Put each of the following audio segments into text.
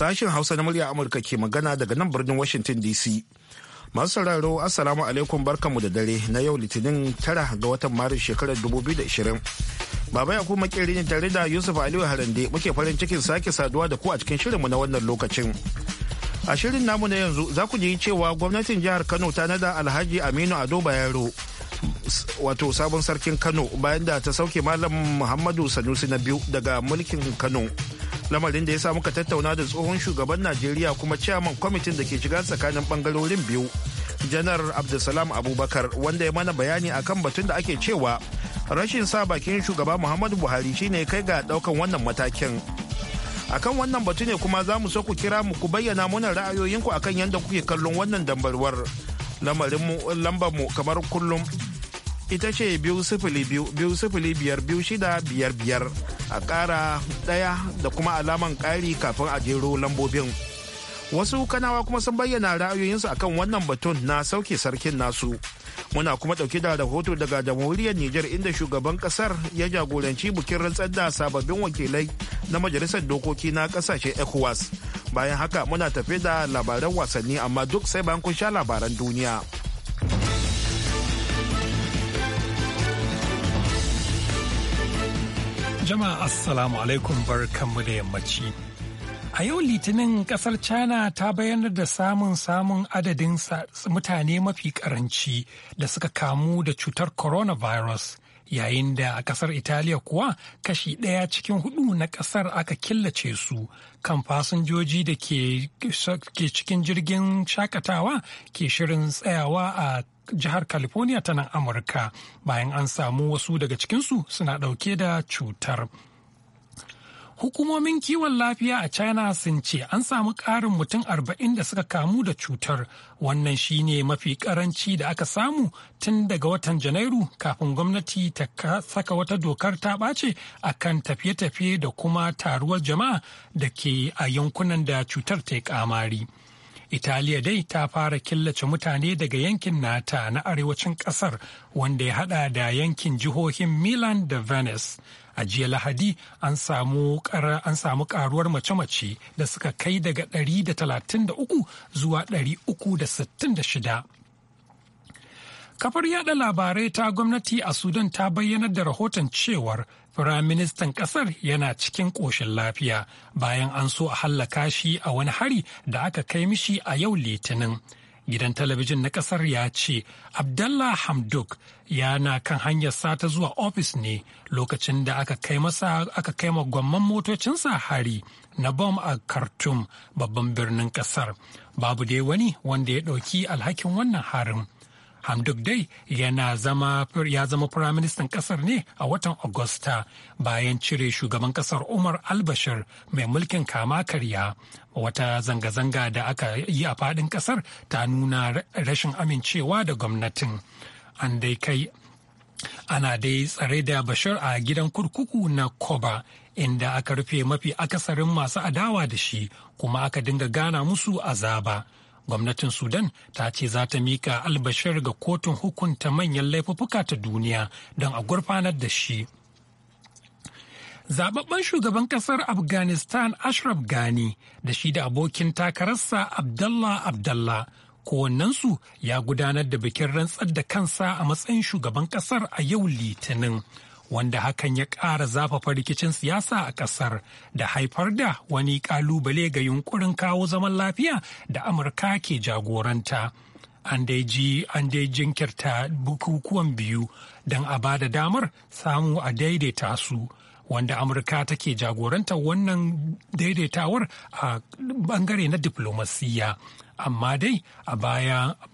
Sashen Hausa na murya Amurka ke magana daga nan birnin Washington DC. Masu sauraro Assalamu alaikum barkanmu da dare na yau Litinin tara ga watan Maris shekarar 2020. Baba ya kuma makeri ne tare da Yusuf Aliyu Harande muke farin cikin sake saduwa da ku a cikin shirinmu na wannan lokacin. A shirin namu na yanzu za ku ji cewa gwamnatin jihar Kano ta nada Alhaji Aminu Ado Bayero wato sabon sarkin Kano bayan da ta sauke Malam Muhammadu Sanusi na biyu daga mulkin Kano. lamarin da ya sa muka tattauna da tsohon shugaban najeriya kuma ciyaman kwamitin da ke shiga tsakanin bangarorin biyu janar abdulsalam abubakar wanda ya mana bayani akan batun da ake cewa rashin sa bakin shugaba muhammadu buhari shine kai ga daukan wannan matakin akan wannan batu ne kuma za mu so ku kira mu ku bayyana mana ra'ayoyinku akan yadda kuke kallon wannan dambarwar lamarin mu lambar mu kamar kullum ita ce biyu sifili biyu biyu sifili biyar biyu shida biyar biyar a ƙara ɗaya da kuma alaman ƙari kafin a jero lambobin wasu kanawa kuma sun bayyana ra'ayoyinsu akan wannan batun na sauke sarkin nasu muna kuma ɗauke da rahoto daga jamhuriyar niger inda shugaban kasar ya jagoranci bukin rantsar da sababbin wakilai na majalisar dokoki na kasashe ecowas bayan haka muna tafe da labaran wasanni amma duk sai bayan kun sha labaran duniya. jama'a assalamu alaikum kammu da yammaci. A yau litinin kasar China ta bayyana da samun samun adadin mutane mafi karanci da suka kamu da cutar coronavirus yayin da a kasar Italiya kuwa kashi ɗaya cikin hudu na kasar aka killace su kan fasinjoji da ke cikin jirgin shakatawa ke shirin tsayawa a jihar California ta nan Amurka bayan an samu wasu daga cikinsu suna ɗauke da cutar. Hukumomin kiwon lafiya a China sun ce an samu ƙarin mutum arba'in da suka kamu da cutar wannan shine mafi karanci da aka samu tun daga watan Janairu kafin gwamnati ta saka wata dokar ta ɓace a kan tafiye-tafiye da kuma taruwar jama'a da ke a yankunan da cutar ta yi kamari. Italiya dai ta fara killace mutane daga yankin nata na arewacin kasar wanda ya hada da yankin jihohin Milan da Venice. A jiya Lahadi an samu karuwar mace-mace da suka kai daga 133 zuwa 366. Kafar yada labarai ta gwamnati a Sudan ta bayyanar da rahoton cewar Firaministan ƙasar yana cikin ƙoshin lafiya bayan an so a hallaka shi a wani hari da aka kai mishi a yau litinin. Gidan talabijin na ƙasar ya ce, Abdallah Hamduk yana kan hanyar sata zuwa ofis ne lokacin da aka kai masa aka kai ma gwamman motocinsa hari na bom a Khartoum babban birnin ƙasar. Babu dai wani wanda ya ɗauki alhakin wannan harin. hamduk dai yana zama ya zama firaministan kasar ne a watan agusta bayan cire shugaban kasar umar albashir mai mulkin kama karya wata zanga-zanga da aka yi a fadin kasar ta nuna rashin amincewa da gwamnatin an dai kai ana dai tsare da bashir a gidan kurkuku na koba inda aka rufe mafi akasarin masu adawa da shi kuma aka dinga gana musu azaba. gwamnatin sudan ta ce za ta mika albashir ga kotun hukunta manyan laifuffuka ta duniya don a gurfanar da shi zababben shugaban kasar afghanistan ashraf ghani da shi da abokin takararsa abdallah abdallah kowannensu ya gudanar da bikin rantsar da kansa a matsayin shugaban kasar a yau litinin wanda hakan ya ƙara zafafa rikicin siyasa a ƙasar da haifar da wani ƙalubale ga yunkurin kawo zaman lafiya da amurka ke jagoranta an dai jinkirta bukukuwan biyu don a ba da damar samu a daidaita su wanda amurka take jagoranta wannan daidaitawar a bangare na diplomasiyya amma dai a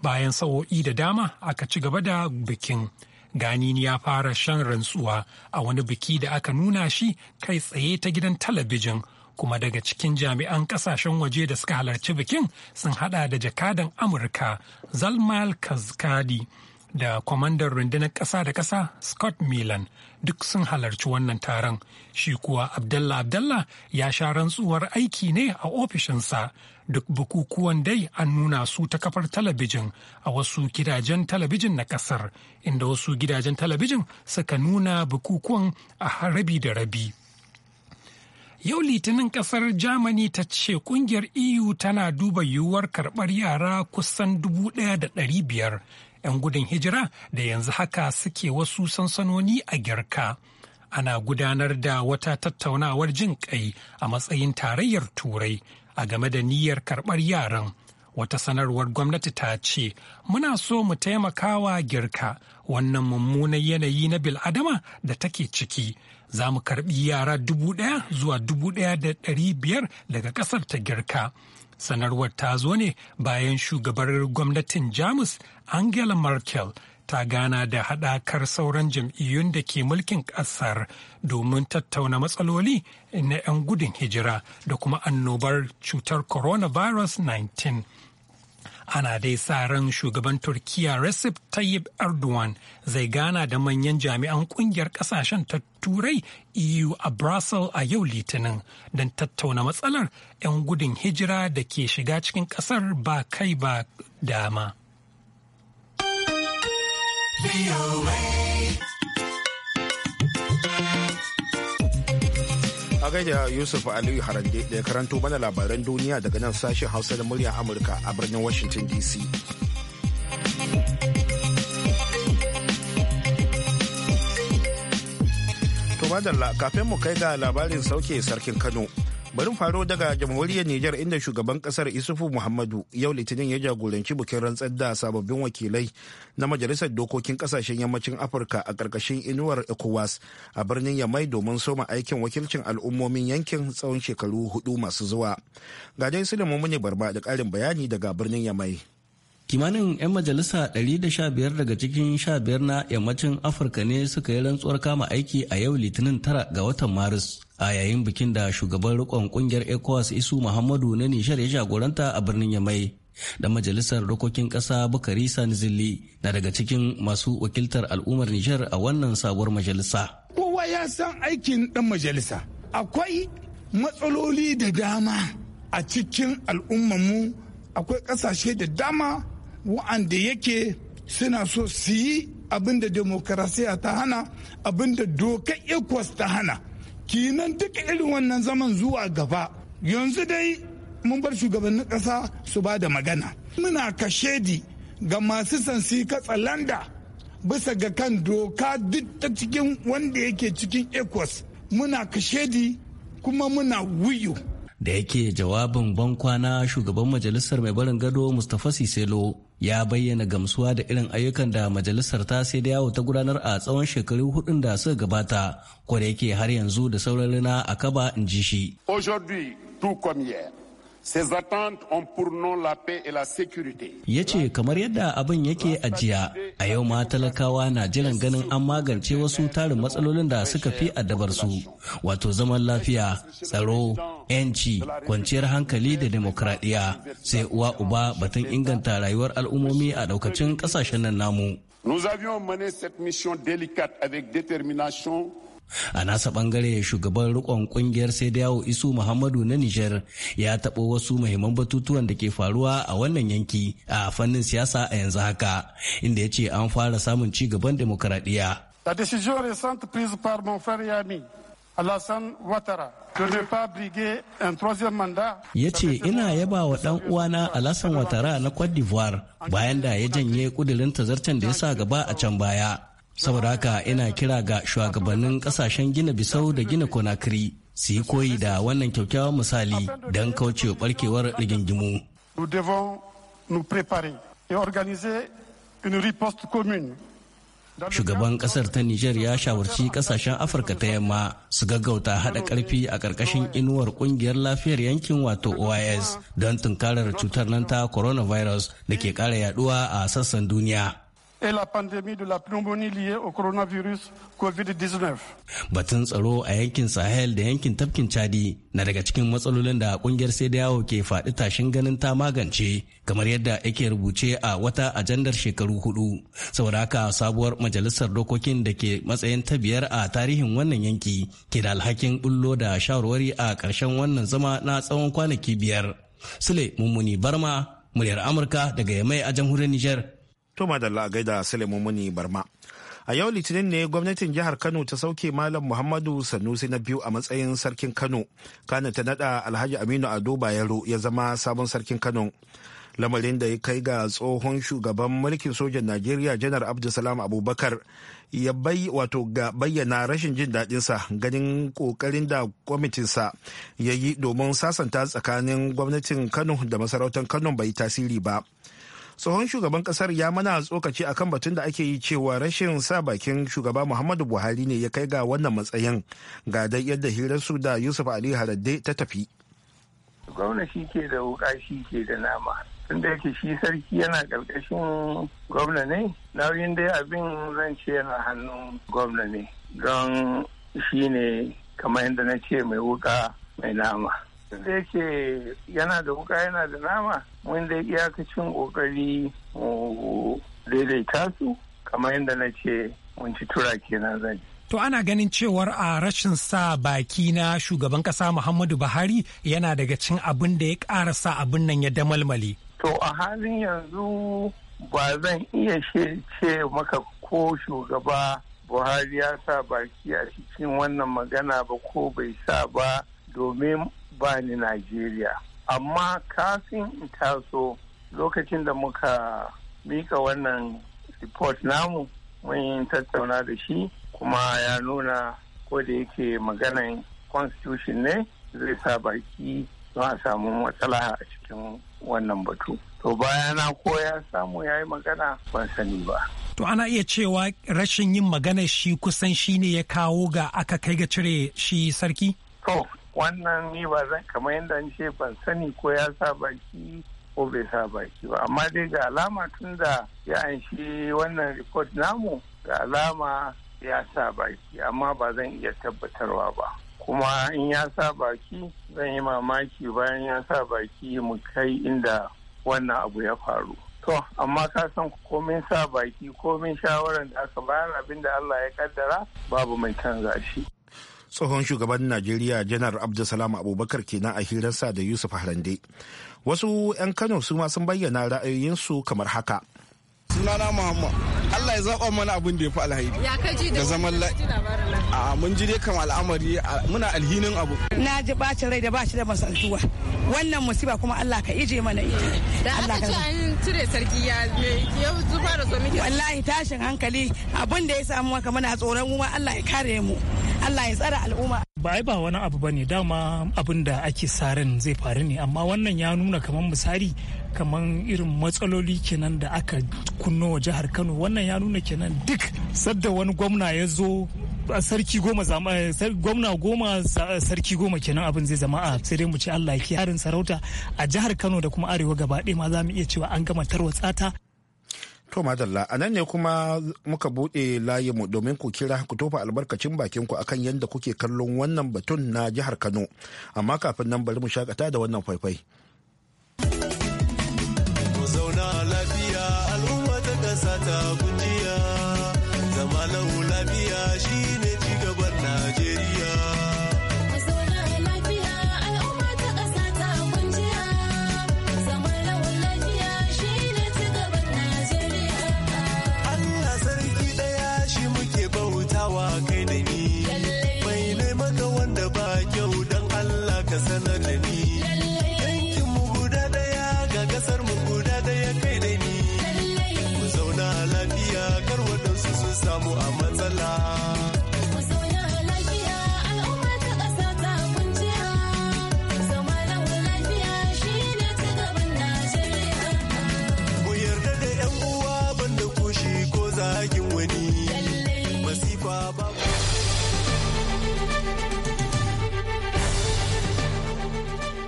bayan sa'o'i da dama aka ci gaba da bikin ganini ya fara shan rantsuwa a wani biki da aka nuna shi kai tsaye ta gidan talabijin kuma daga cikin jami'an kasashen waje da suka halarci bikin sun hada da jakadan amurka zalmal kaskadi da kwamandan rundunar ƙasa da ƙasa Scott Milan duk sun halarci wannan taron. Shi kuwa Abdallah Abdallah ya sha rantsuwar aiki ne a ofishinsa. Duk bukukuwan dai an nuna su ta kafar talabijin a wasu gidajen talabijin na ƙasar, inda wasu gidajen talabijin suka nuna bukukuwan a harabi da rabi. Yau Litinin kasar Germany ta ce kungiyar EU tana duba yiwuwar karɓar yara kusan 1,500 'yan gudun hijira da yanzu haka suke wasu sansanoni a girka ana gudanar da wata tattaunawar jin kai a matsayin tarayyar turai a game da niyyar karɓar yaran wata sanarwar gwamnati ta ce muna so mu taimakawa girka wannan mummunan yanayi na bil'adama da take ciki za mu karbi yara dubu ɗaya zuwa dubu ɗaya da ɗari biyar daga ƙasar ta girka sanarwar ta zo ne bayan shugabar gwamnatin jamus angela merkel ta gana da haɗakar sauran jam'iyyun da ke mulkin ƙasar domin tattauna matsaloli na 'yan gudun hijira da kuma annobar cutar coronavirus 19 ana dai sa ran shugaban turkiya recep tayyip erdogan zai gana da manyan jami'an kungiyar kasashen ta turai eu a brussels a yau litinin don tattauna matsalar 'yan gudun hijira da ke shiga cikin kasar ba kai ba dama. A gaida Yusuf Aliyu Harande da ya karanto mana labaran duniya daga nan sashen Hausa da murya Amurka a birnin Washington DC. To madalla kafin mu kai ga labarin sauke sarkin Kano. bari faro daga jamhuriyar Nijar inda shugaban kasar Isufu Muhammadu yau litinin ya jagoranci bikin rantsar da sababbin wakilai na majalisar dokokin kasashen yammacin Afirka a ƙarƙashin inuwar ECOWAS a birnin Yamai domin soma aikin wakilcin al'ummomin yankin tsawon shekaru hudu masu zuwa. Ga dai Sulaiman Mune Barba da ƙarin bayani daga birnin Yamai. kimanin 'yan majalisa 115 daga cikin 15 na yammacin afirka ne suka yi rantsuwar kama aiki a yau litinin 9 ga watan maris a yayin bikin da shugaban rikon kungiyar ecowas isu muhammadu na nishar ya jagoranta a birnin yamai da majalisar dokokin ƙasa bukari sanzilli na daga cikin masu wakiltar al'ummar nishar a wannan sabuwar majalisa kowa ya san aikin dan majalisa akwai matsaloli da dama a cikin mu akwai ƙasashe da dama wa'anda yake suna so su yi abinda demokarasiya ta hana abinda dokar ecowas ta hana kinan duka irin wannan zaman zuwa gaba yanzu dai mun bar shugabannin ƙasa su ba da magana muna kashedi ga masu sansi katsalanda bisa ga kan doka duk ta cikin wanda yake cikin ecos muna kashedi kuma muna wuyo da yake jawabin bankwana shugaban majalisar mai barin gado mustapha siselo ya bayyana gamsuwa da irin ayyukan da majalisar ta sai da yawo ta gudanar a tsawon shekaru hudun da suka gabata ko da yake har yanzu da sauran rina a kaba in ji shi. Ya ce kamar yadda abin yake ajiya a yau ma talakawa na jiran ganin an magance wasu tarin matsalolin da suka fi addabar su wato zaman lafiya, tsaro, 'yanci, kwanciyar hankali da demokradiyya sai uwa uba batun inganta rayuwar al'ummomi a daukacin kasashen nan namu. Nous avions mené cette mission délicate avec détermination a nasa bangare shugaban rikon kungiyar sai da yawo isu muhammadu na nijar ya taɓo wasu muhimman batutuwan da ke faruwa a wannan yanki a fannin siyasa a yanzu haka inda ya ce an fara samun ci gaban demokaradiyya La décision récente prise par mon frère Alassane Ya ce ina yaba wa ɗan uwana alasan watara na Cote d'Ivoire bayan da ya janye kudirin tazarcen da ya sa gaba a can baya. saboda haka ina kira ga shugabannin kasashen gina bisau da gina konakiri su yi koyi da wannan kyaukyawan misali don kauce barkewar rigingimu shugaban kasar ta nijar ya shawarci kasashen afirka ta yamma su gaggauta haɗa ƙarfi a ƙarƙashin inuwar ƙungiyar lafiyar yankin wato ois don tunkarar cutar nan ta coronavirus da ke ƙara yaduwa a sassan duniya et la pandémie de la pneumonie liée au coronavirus COVID-19. Batun tsaro a yankin Sahel da yankin tafkin Chadi na daga cikin matsalolin da kungiyar sai da yawo ke faɗi tashin ganin ta magance kamar yadda yake rubuce a wata ajandar shekaru hudu. Saboda haka sabuwar majalisar dokokin da ke matsayin ta biyar a tarihin wannan yanki ke da alhakin bullo da shawarwari a ƙarshen wannan zama na tsawon kwanaki biyar. Sule Mummuni Barma, muryar Amurka daga Yamai a jamhuriyar Nijar. To da a da Barma. A yau Litinin ne gwamnatin jihar Kano ta sauke Malam Muhammadu Sanusi na biyu a matsayin sarkin Kano. Kana ta nada Alhaji Aminu Ado Bayero ya zama sabon sarkin Kano. Lamarin da ya kai ga tsohon shugaban mulkin sojan Najeriya Janar Abdulsalam Abubakar ya bai wato ga bayyana rashin jin daɗinsa ganin ƙoƙarin da kwamitinsa ya yi domin sasanta tsakanin gwamnatin Kano da masarautar Kano bai tasiri ba. tsohon shugaban kasar ya mana tsokaci a kan batun da ake yi cewa rashin sa bakin shugaba muhammadu buhari ne ya kai ga wannan matsayin ga da yadda hirarsu da yusuf ali haradde ta tafi gwamna ke da wuka shi ke da nama tunda yake shi sarki yana karkashin gwamna ne nauyin dai abin zan ce yana hannun gwamna ne don shi ne kamar yadda na ce mai wuka mai nama da yake yana da wuka yana da nama mun da iyakacin kokari mu daidaita su kamar yadda na ce mun ci tura kenan zai To ana ganin cewar a rashin sa baki na shugaban kasa Muhammadu Buhari yana daga cin abin da ya ƙara sa abin nan ya damalmale. To a halin yanzu ba zan iya ce maka ko shugaba Buhari ya sa baki a cikin wannan magana ba ko bai sa ba domin ba ni Najeriya. Amma kafin in taso lokacin da muka mika wannan report namu mun yi tattauna da shi kuma ya nuna ko da yake maganan constitution ne zai sa baki don a samu matsala a cikin wannan batu. To bayana ko ya samu ya yi magana ban sani ba. To ana iya cewa rashin yin magana shi kusan shi ne ya kawo ga aka kai ga cire shi sarki? To wannan ni ba zan kamar yadda an ce ban sani ko ya sa baki ko bai sa baki ba amma dai ga alama tun da ya anshi wannan report namu ga alama ya sa baki amma ba zan iya tabbatarwa ba kuma in ya sa baki zan yi mamaki bayan ya sa baki mu kai inda wannan abu ya faru to amma ka san komin sa baki komin shawarar da aka bayar abinda Allah ya kaddara babu mai canza shi tsohon shugaban najeriya janar abdulsalam abubakar kenan a hirarsa da yusuf harande wasu 'yan kano su ma sun bayyana ra'ayoyinsu kamar haka sunana muhammad allah ya zaɓa mana abin da ya fi alhaidi da zaman a mun ji dai kama al'amari muna alhinin abu na ji bacin rai da ba shi da masaltuwa wannan musiba kuma allah ka ije mana ita da aka ce an cire sarki ya ya zuba da zo miki wallahi tashin hankali abin da ya samu maka muna tsoron kuma allah ya kare mu allah ya tsara al'umma ba ba wani abu bane dama abin da ake sarin zai faru ne amma wannan ya nuna kamar misali kamar irin matsaloli kenan da aka kunno wa jihar kano wannan ya nuna kenan duk sadda wani gwamna ya zo sarki goma eh, gwamna goma eh, sarki goma kenan abin zai zama a sai dai mu ci Allah ya harin sarauta a jihar Kano da kuma arewa gaba ɗaya ma za mu iya cewa an gama tarwatsata. To madalla a nan ne kuma muka buɗe layinmu domin ku kira ku tofa albarkacin bakinku akan yadda kuke kallon wannan batun na jihar Kano amma kafin nan bari mu shakata da wannan faifai.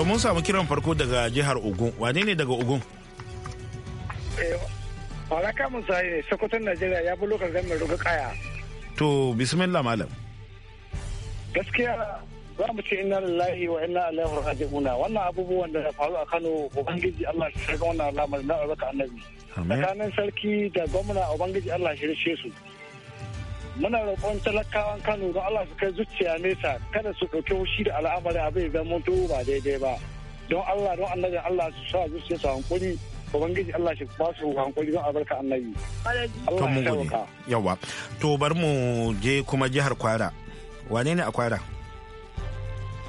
To mun samu kiran farko daga jihar Ogun. Wane ne daga Ogun? Baraka eh, Musa ne, Sokoton Najeriya ya bulo kan gamin ruga kaya. To, bismillah malam. Gaskiya za mu ce inna lillahi wa inna ilaihi raji'un. Wannan abubuwan da faru a Kano, Ubangiji Allah shi ga wannan alamar na albarka annabi. Tsakanin sarki da gwamna Ubangiji Allah shi rishe su. muna roƙon talakawan kano don allah su kai zuciya nesa kada su ɗauki hushi da al'amari abin zama tuwo ba daidai ba don allah don annabi allah su sa zuciya su hankuri ubangiji allah shi ba su hankuri don albarka annabi allah ya sauka yawa to bar mu je kuma jihar kwara wane ne a kwara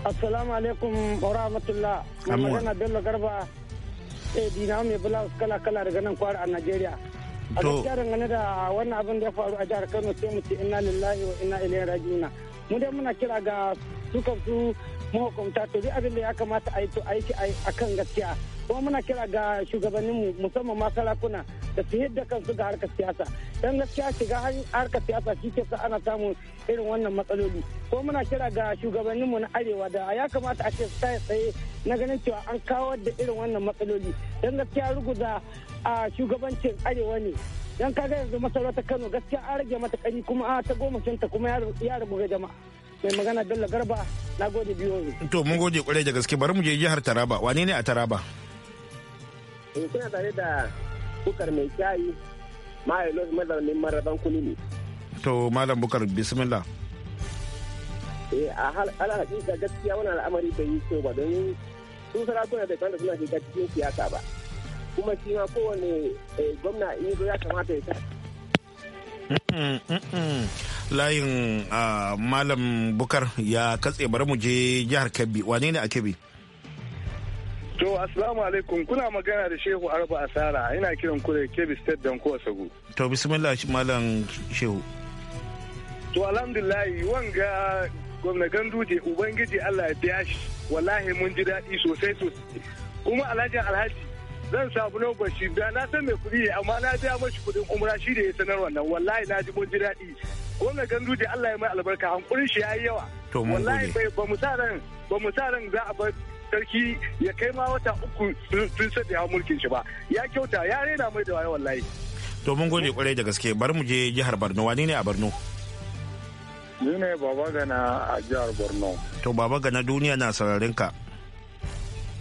assalamu alaikum wa rahmatullah mai bello garba eh dina mai blouse kala kala daga nan kwara a najeriya a gaskiya dangane da wannan abin da ya faru a jihar kano sai mu ce inna lillahi wa inna ilaihi raji'una mu dai muna kira ga dukan su mahukunta to duk abin da ya kamata a yi to aiki a kan gaskiya kuma muna kira ga shugabanninmu musamman ma sarakuna da su yadda kansu ga harkar siyasa dan gaskiya shiga harkar siyasa shi ke ana samun irin wannan matsaloli ko muna kira ga shugabanninmu na arewa da ya kamata a ce su tsaye tsaye na ganin cewa an kawo da irin wannan matsaloli dan gaskiya ruguza a shugabancin arewa ne dan kaga yanzu masarautar Kano gaskiya an rage mata kani kuma a ta goma ta kuma ya rabu ga jama'a mai magana Bello Garba na gode biyo to mun gode kwarai da gaske bari mu je jihar Taraba wani ne a Taraba in eh, kuna tare da bukar mai kyayi ma'ailos mazaunin maraban kuni ne to malam bukar bismillah eh a ala hakika gaskiya wani al'amari bai yi so ba don sun sarakuna da kwanda suna shiga cikin siyasa ba kuma shi ma kowane eh, gwamna in ya kamata ya layin ah, malam bukar ya katse bari mu je jihar kebbi wane ne a kebbi to assalamu alaikum kuna magana da shehu arba asara ina kiran ku da kebbi state don kowa sagu to bismillah malam shehu to alhamdulillahi wanga gwamna ganduje ubangiji allah ya biya shi wallahi mun ji daɗi sosai sosai kuma alhaji alhaji zan samu lokaci da na san mai kuɗi amma na biya mashi kuɗin umra shi da ya sanar wannan wallahi na ji mun ji daɗi gwamnan gandu da Allah ya mai albarka hankulin shi yayi yawa wallahi ba mu sa ran ba mu sa ran za a bar sarki ya kai ma wata uku tun sada ya mulkin shi ba ya kyauta ya rena mai da waye wallahi to mun gode kwarai da gaske bari mu je jihar Borno wani ne a Borno ni ne baba gana a jihar Borno to baba gana duniya na sararin ka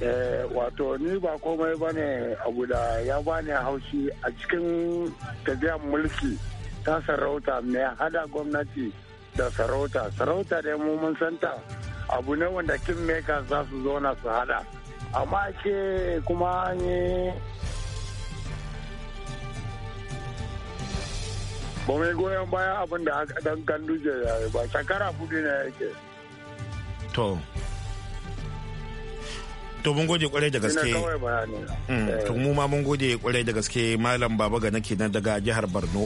Eh, wato ni ba komai ba ne abu da ya bani haushi a cikin tafiya mulki ta sarauta mai hada gwamnati da sarauta sarauta da mu mun santa abu ne wanda kin meka za su zauna su hada amma ke kuma an yi ba goyon baya abin da dan gandu ya ba shakara fudu ne yake to to mun gode kwarai da gaske mm. eh. to mu ma mun gode kwarai da gaske malam baba ga nake nan daga jihar borno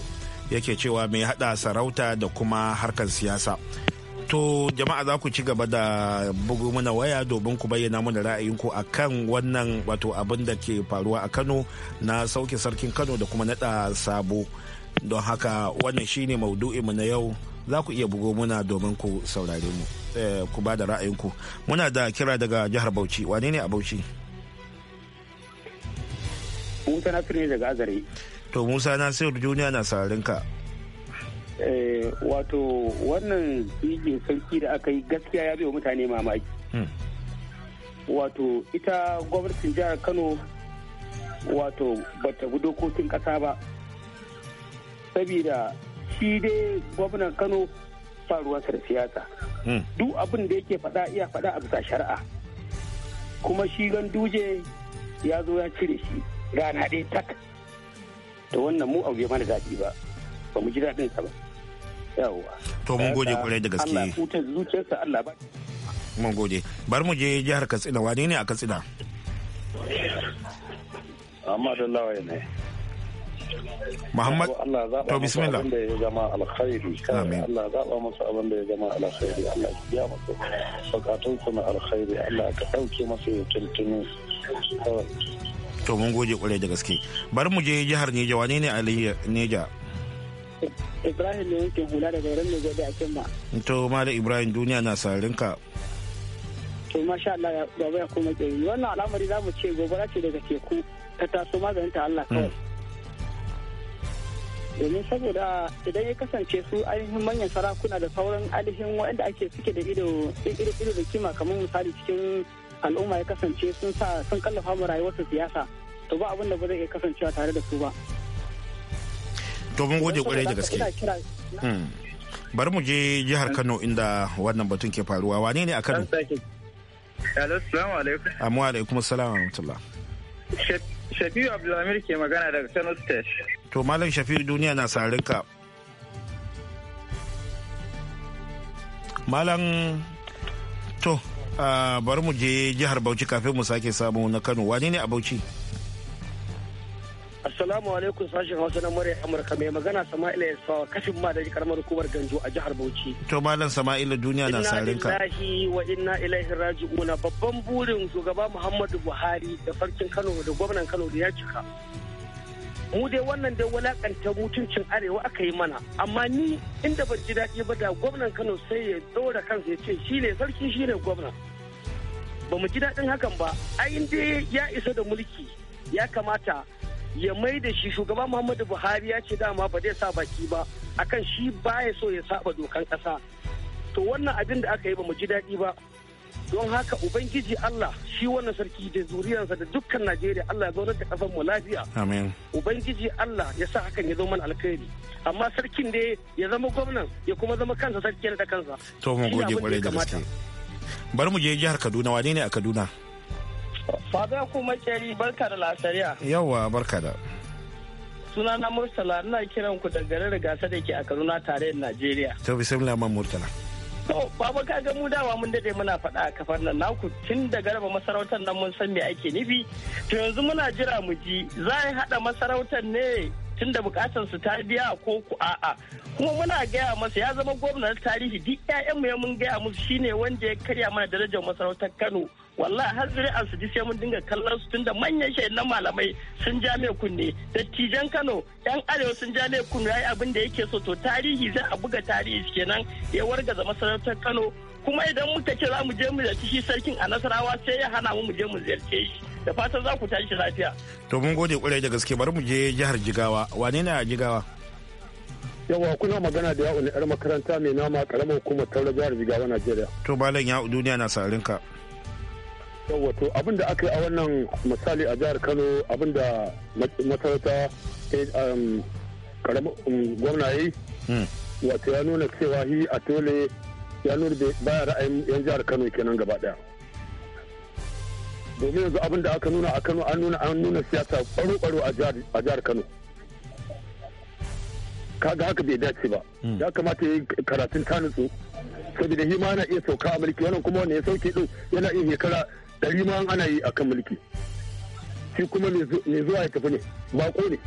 yake cewa mai hada sarauta da kuma harkar siyasa to jama'a za ku ci gaba da bugu mana waya domin ku bayyana mana ra'ayinku a kan wannan wato abin da ke faruwa a kano na sauke sarkin kano da kuma nada sabo don haka wannan shine maudu'inmu na yau za ku iya bugo muna domin ku saurare mu eh, ku ba da ra'ayinku muna da kira daga jihar bauchi wane ne a bauchi musa nasiru ne daga azare to musa nasiru duniya na sararin ka eh, wato wannan jigin sarki da aka yi gaskiya ya biyo wa mutane mamaki hmm. wato ita gwamnatin jihar kano wato bata bi dokokin kasa ba sabida shi dai gwamnan kano faruwa sar siyasa hmm. duk abin da yake faɗa iya faɗa a bisa shari'a kuma shi duje ya zo ya cire shi rana ɗaya tak To wannan mu auge mana daɗi ba ba mu ji daɗin sa ba yawwa to mun gode kwarai da gaske Allah hutar zuciyarsa Allah ba mun gode bar mu je jihar Katsina wani ne a Katsina Amma da lawaye ne Muhammad to bismillah. Allah ya zama alkhairi. Amin. Allah zaba musu abin da ya zama alkhairi. Allah ya biya musu bukatun su na alkhairi. Allah ka dauke musu ya tuntunu. To mun goje kwarai da gaske. Bari mu je jihar Neja wane ne Ali Neja? Ibrahim ne yake hula daga garin Neja da Akimba. To ma da Ibrahim duniya na sarinka. To masha Allah ya baba ya kuma tsiri. Wannan al'amari za mu ce gobara ce daga teku ta taso maganin ta Allah mm. kawai. domin saboda idan ya kasance su ainihin manyan sarakuna da sauran ainihin waɗanda ake suke da ido ido da kima kamar misali cikin al'umma ya kasance sun sa sun kallafa mu rayuwarsu siyasa to ba abin da ba zai iya kasancewa tare da su ba to mun gode kwarai da gaske hmm. bari mu je jihar hmm. Kano inda wannan batun ke faruwa wane ne a Kano Assalamu alaikum. Amma ah, alaikum assalam wa rahmatullah. Shafiu Abdulhamir ke magana daga Kano State. To Malam Shafi'u duniya na sarika Malam to bari mu je jihar Bauchi kafin mu sake samu na Kano. Wani ne a Bauchi? Assalamu alaikum sashen Hausa na murya Amurka mai magana Sama'ila ya sawa kashin ma da karamar hukumar Ganjo a jihar Bauchi. To malam Sama'ila duniya na sarin ka. Inna lillahi wa inna ilaihi raji'una. babban burin shugaba Muhammadu Buhari da farkin Kano da gwamnan Kano da ya cika. mu dai wannan dai wulakanta mutuncin arewa aka yi mana amma ni inda ban ji daɗi ba da gwamnan kano sai ya ɗora kansa ya ce shi ne sarki shi ne gwamna ba mu ji daɗin hakan ba ayin dai ya isa da mulki ya kamata ya mai da shi shugaba muhammadu buhari ya ce dama ba zai sa baki ba akan shi baya so ya saba dokan ƙasa to wannan abin da aka yi ba mu ji daɗi ba don haka ubangiji Allah shi wannan sarki da zuriyarsa da dukkan Najeriya Allah ya zo da kasar mu lafiya amen ubangiji Allah ya sa hakan ya zo mana alkhairi amma sarkin da ya zama gwamnan ya kuma zama kansa sarki da kansa to mun gode kwarai da gaske bari mu je jihar Kaduna wane ne a Kaduna Fada kuma keri barka da lasariya yawa barka da sunana Murtala ina kiran ku da garin gasa da ke a Kaduna da Najeriya to bismillah man Murtala To, baba ka ga mu dawa mun dade muna faɗa a kafar nan naku tun da garba masarautar nan mun san me ake nufi. To yanzu muna jira mu ji za a haɗa masarautar ne tunda bukatar su ta biya ko ku a'a kuma muna gaya masa ya zama gwamnan tarihi duk ƴaƴan mu ya mun gaya musu shine wanda ya karya mana darajar masarautar Kano wallahi har an su sai mun dinga kallon su tunda manyan shaidan malamai sun ja mai kunne dattijan Kano yan arewa sun ja mai kunne yayi abin da yake so to tarihi zai a buga tarihi kenan ya wargaza masarautar Kano kuma idan muka ce za mu je mu ziyarci shi sarkin a Nasarawa sai ya hana mu mu je mu ziyarce shi da fatan za ku tashi lafiya to mun gode kwarai da gaske bari mu je jihar jigawa wane ne a jigawa Yawwa kuna magana da ya'u yar makaranta mai nama karamar hukumar taura jihar jigawa najeriya to malam ya duniya na sarin ka Yawwa to abin da aka yi a wannan misali a jihar kano abin da masarauta eh, um, um, gwamna yi hmm. wato ya nuna cewa hi a tole ya nuna baya ra'ayin yan jihar kano kenan gaba daya domin yanzu abin da aka nuna a kano an nuna an nuna siyasa baro-baro a jihar kano kaga haka bai dace ba hmm. ya kamata ya yi karatun tanutsu saboda hima yana iya sauka a mulki wannan kuma wanda ya sauke din yana iya shekara ɗari ma ana yi akan mulki shi kuma mai zuwa ya tafi ne bako ne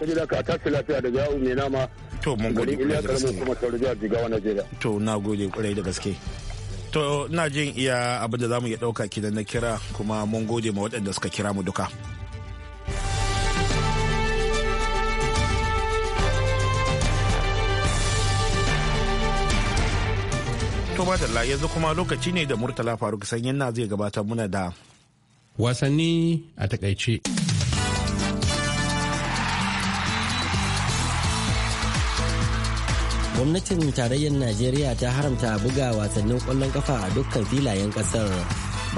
saboda ka tashi lafiya daga yawon mai nama to mun gode da gaske to na gode kwarai da gaske to ina jin iya abin da za mu iya ɗauka kidan na kira kuma mun gode ma waɗanda suka kira mu duka to ba da yanzu kuma lokaci ne da murtala faruk sanyin na zai gabatar muna da wasanni a takaice. gwamnatin tarayyar najeriya ta haramta buga wasannin kwallon kafa a dukkan filayen kasar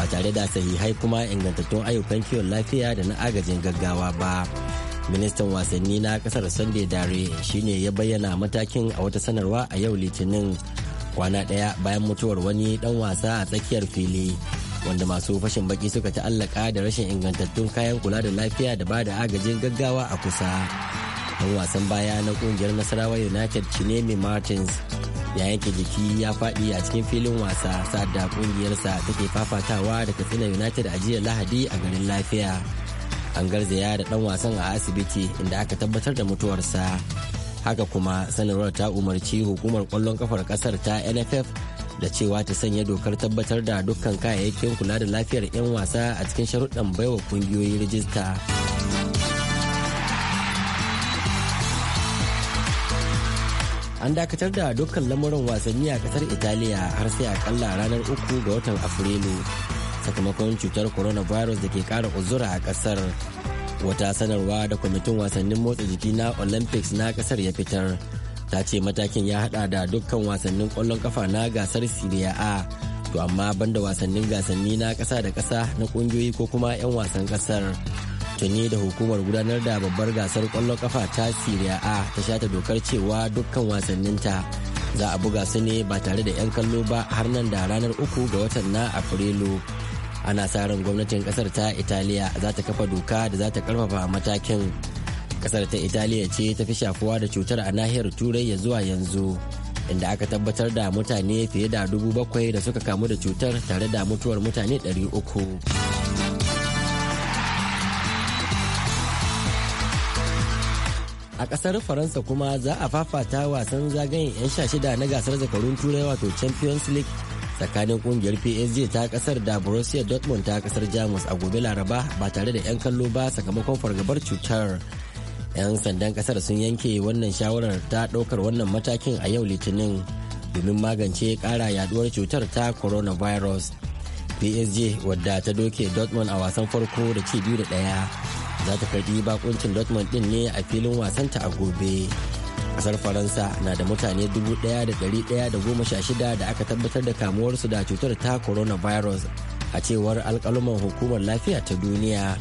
ba tare da sahihai kuma ingantattun ayyukan kiwon lafiya da na agajin gaggawa ba ministan wasanni na kasar sunday dare shine ya bayyana matakin a wata sanarwa a yau litinin kwana ɗaya bayan mutuwar wani ɗan wasa a tsakiyar fili wanda masu fashin baki suka ta'allaka da rashin ingantattun kayan kula da lafiya da ba da agajin gaggawa a kusa an wasan baya na kungiyar nasarawa united chinemi martins ya yanke jiki ya faɗi a cikin filin wasa da kungiyarsa take fafatawa da katsina united a jiya lahadi a garin lafiya an garzaya da ɗan wasan a asibiti inda aka tabbatar da mutuwarsa haka kuma sanarwar ta umarci hukumar kwallon kafar ƙasar ta nff da cewa ta sanya dokar tabbatar da dukkan kayayyakin kula da lafiyar 'yan wasa a cikin sharuɗan baiwa kungiyoyi rijista. an dakatar da dukkan lamurin wasanni a kasar italiya har sai akalla ranar uku ga watan afrilu sakamakon cutar coronavirus da ke kara uzura a kasar wata sanarwa da kwamitin wasannin motsa jiki na olympics na kasar ya fitar ta ce matakin ya hada da dukkan wasannin kwallon kafa na gasar siriya a to amma banda wasannin gasanni na kasa da kasa na kungiyoyi ko kuma 'yan wasan kasar tuni da hukumar gudanar da babbar gasar kwallon kafa ta syria A ta shata dokar cewa dukkan wasanninta za a buga su ne ba tare da 'yan kallo ba har nan da ranar uku ga watan na Afrilu. Ana sa ran gwamnatin kasar ta Italiya za ta kafa doka da za ta karfafa matakin. Kasar ta Italiya ce ta fi shafuwa da cutar a nahiyar Turai ya zuwa yanzu. inda aka tabbatar da mutane fiye da dubu bakwai da suka kamu da cutar tare da mutuwar mutane 300. a kasar faransa kuma za a fafata wasan zagayen 'yan sha shida na gasar zakarun turai wato champions league tsakanin kungiyar psg ta kasar da borussia dortmund ta kasar jamus a gobe laraba ba tare da 'yan kallo ba sakamakon fargabar cutar 'yan sandan kasar sun yanke wannan shawarar ta ɗaukar wannan matakin a yau litinin domin magance kara yaduwar cutar ta coronavirus psg wadda ta doke dortmund a wasan farko da ci biyu da ɗaya za ta karbi bakuncin dortmund din ne a filin wasanta a gobe kasar faransa na da mutane 1,116 da aka tabbatar da kamuwarsu da cutar ta coronavirus a cewar alkaluman hukumar lafiya ta duniya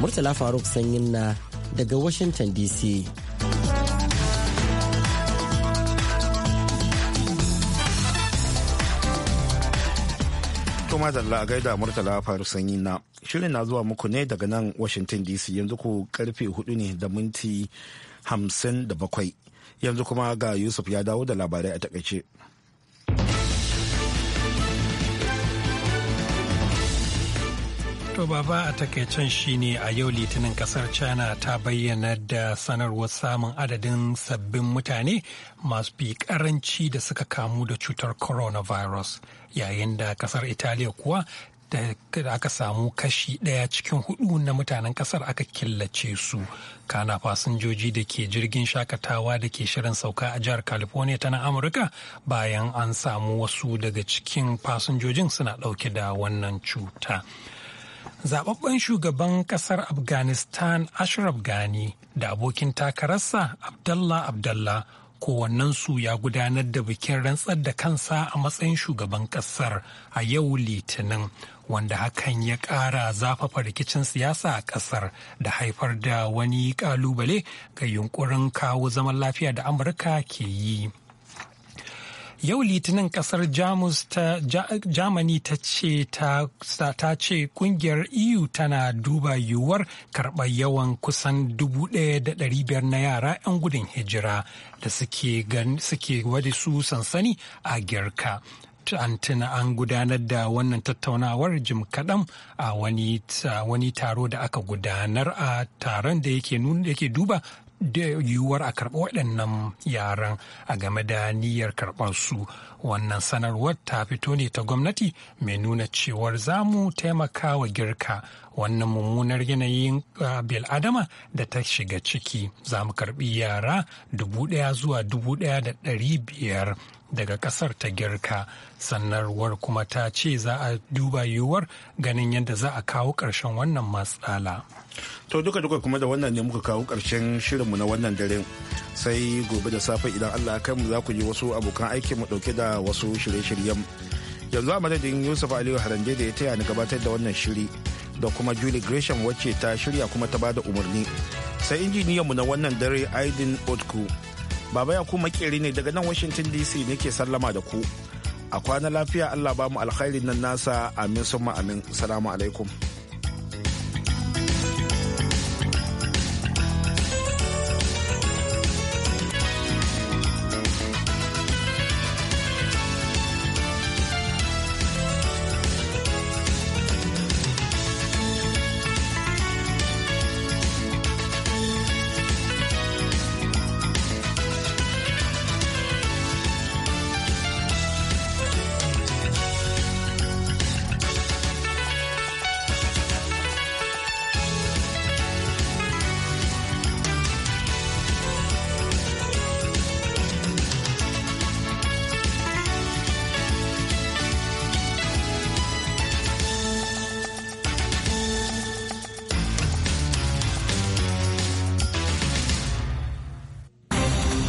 murtala faruk sanyin na daga washington dc madalla a gaida murtala faru sanyi na shirin na zuwa muku ne daga nan washington dc yanzu ku karfe hudu ne da minti hamsin da bakwai yanzu kuma ga yusuf ya dawo da labarai a takaice. To baba a takaicen ne a yau litinin kasar China ta bayyana da sanarwar samun adadin sabbin mutane masu bi karanci da suka kamu da cutar coronavirus yayin da kasar Italiya kuwa da aka samu kashi ɗaya cikin hudu na mutanen ƙasar aka killace su kana fasinjoji da ke jirgin shakatawa da ke shirin sauka a jihar california ta nan amurka bayan an samu wasu daga cikin fasinjojin suna ɗauke da wannan cuta. zababben shugaban kasar afghanistan ashraf ghani da abokin takararsa abdallah abdallah su ya gudanar da bikin rantsar da kansa a matsayin shugaban kasar a yau litinin wanda hakan ya ƙara zafafa rikicin siyasa a ƙasar da haifar da wani ƙalubale ga yunkurin kawo zaman lafiya da amurka ke yi. Yau Litinin kasar Jamus ta Germany ta ce ta ce kungiyar EU tana duba yiwuwar karɓar yawan kusan da ɗari biyar na yara 'yan gudun hijira da suke wadi su sansani a Girka. an tuna an gudanar da wannan tattaunawar jim kaɗan a wani taro da aka gudanar a taron da yake duba da yiwuwar a karɓi waɗannan yaran a game da niyyar karɓar su wannan sanarwar ta fito ne ta gwamnati mai nuna cewar za mu taimaka wa girka wannan mummunar yanayin bil adama da ta shiga ciki za mu karɓi yara dubu ɗaya zuwa dubu ɗaya da ɗari biyar daga kasar ta girka sanarwar kuma ta ce za a duba yiwuwar ganin yadda za a kawo ƙarshen wannan matsala to duka duka kuma da wannan ne muka kawo ƙarshen shirinmu na wannan daren sai gobe da safe idan allah kai mu za ku yi wasu abokan aiki mu dauke da wasu shirye-shiryen yanzu a madadin yusuf aliyu harande da ya taya ni gabatar da wannan shiri da kuma Julie Gresham wacce ta shirya kuma ta bada umarni. Sai injiniyanmu na wannan dare Aidin Otku Baba ya kuma makeri ne daga nan Washington DC nake sallama da ku. A kwana lafiya Allah ba mu alkhairin nan nasa amin summa amin. Salamu alaikum.